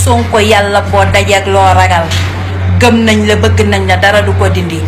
Sonko yàlla boo dajeeg loo ragal gëm nañ la bëgg nañ la dara du ko dindi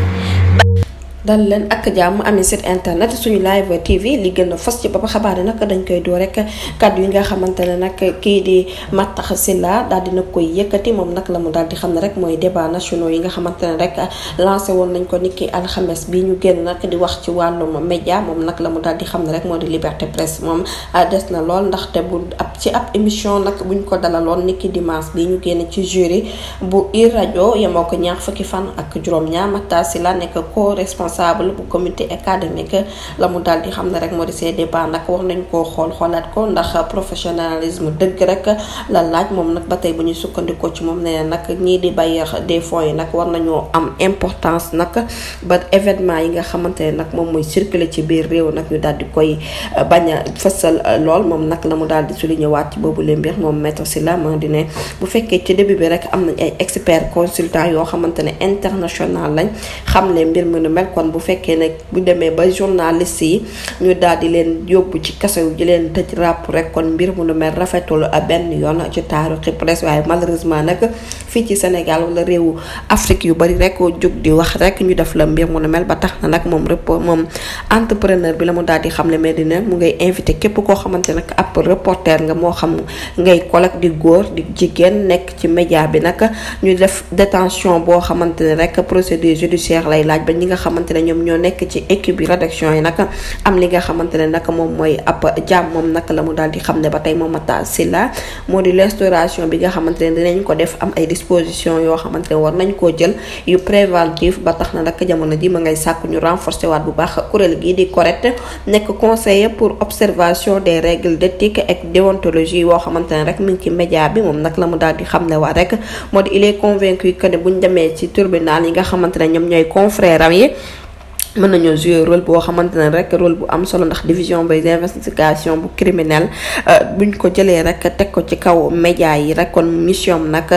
dal leen ak jàmm ami site internet suñu live TV li gën a fas ci bopp xabaar yi nag dañ koy doo rek kàddu yi nga xamante ne nag kii di Matar Sylla daal dina koy yëkkati moom nag la mu daal di xam ne rek mooy débat nationaux yi nga xamante ne rek lancé woon nañ ko niki alxames bi ñu génn nag di wax ci wàllum média moom nag la mu daal di xam ne rek moo di liberté presse moom ah, des na lool ndaxte bu ab ci ab émission nag buñ ko dalaloon niki dimanche bi ñu génn ci jury bu rajo yemoo ko ñaar fukki fan ak juróom-ñaar Matar Sylla nekk co responsable responsable bu comité académique la mu daal di xam na rek moo di see débat nag war nañ koo xool xoolaat ko ndax professionnalisme dëgg rek la laaj moom nag ba tey bu ñu sukkandikoo ci moom nee na nag ñii di bailleurs des fonds yi nag war nañoo am importance nag ba événement yi nga xamante ne nag moom mooy circuler ci biir réew nag ñu daal di koy euh, bañ a fësal euh, lool moom nag la mu daal di souligner waat ci boobu le mbir moom météo si la ma di ne bu fekkee ci début bi rek am nañ ay experts consultants yoo xamante ne international lañ kon bu fekkee nag bu demee ba journaliste yi ñu daal di leen yóbbu ci kaso ji leen tëj ràpp rek kon mbir mu rafetul mel benn yoon ci taaru taarixi presse waaye malheureusement nag fii ci Sénégal wala réew Afrique yu bari rek jóg di wax rekk ñu def la mbir mu ba tax na nag moom repo moom entrepreneur bi la mu daal di xam ne Medina mu ngay invité képp koo xamante nag ab reporter nga moo xam ngay collègue di góor di jigéen nekk ci média bi nag ñu def détention boo xamante ne rek procédure judiciaire xamante ñoom ñoo nekk ci équipe bi rédaction yi nag am li nga xamante ne nag moom mooy ab jàmm nag la mu daal di xam ne ba tey moom Matar Sylla moo di l'instauration bi nga xamante ne dinañ ko def am ay dispositions yoo xamante ne war nañ koo jël yu préventif ba tax na nag jamono ji ma ngay sàkk ñu renforcer waat bu baax kuréel gii di correct nekk conseil pour observation des règles d'éthique ak déontologie yoo xamante ne rek mi ngi ci média bi moom nag la mu daal di xam ne waa rek moo di il est convaincu que ne buñ demee ci tribunal yi nga xamante ne ñoom ñooy confrère ram yi mën nañoo jouer rôle boo xamante ne rek rôle bu am solo ndax division bay d'investigation bu criminel euh, buñ ko jëlee rek teg ko ci kaw média yi rek kon mission nag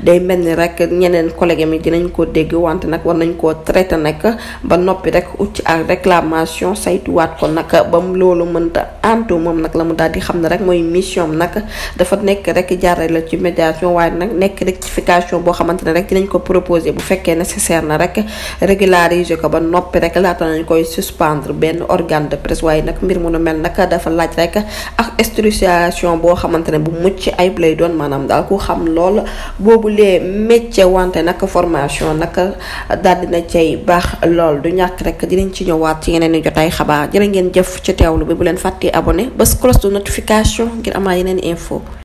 day mel ni rek ñeneen collègue mi dinañ ko dégg wante nag war nañ koo traité nag ba noppi rek ut ci ak réclamation saytuwaat ko nag ba mu loolu mënta antu moom nag la mu daal di xam ne rek mooy mission nag dafa nekk rek jaaree la ci médiation waaye nag nekk rectification boo xamante ne rek dinañ ko proposer bu fekkee nécessaire na rek régulariser ko ba noppi laata nañ koy suspendre benn organe de presse waaye nag mbir mu nu mel nag dafa laaj rek ak institution boo xamante ne bu mucc ayib lay doon maanaam daal ku xam lool boobu lee métier wante nag formation nag daal dina cay baax lool du ñàkk rek dinañ ci ñëwaat ci yeneen i jotaay xabaar jërë ngeen jëf ci teewlu bi bu leen fàttee abonné bés cloche de notification ngir amaa yeneen info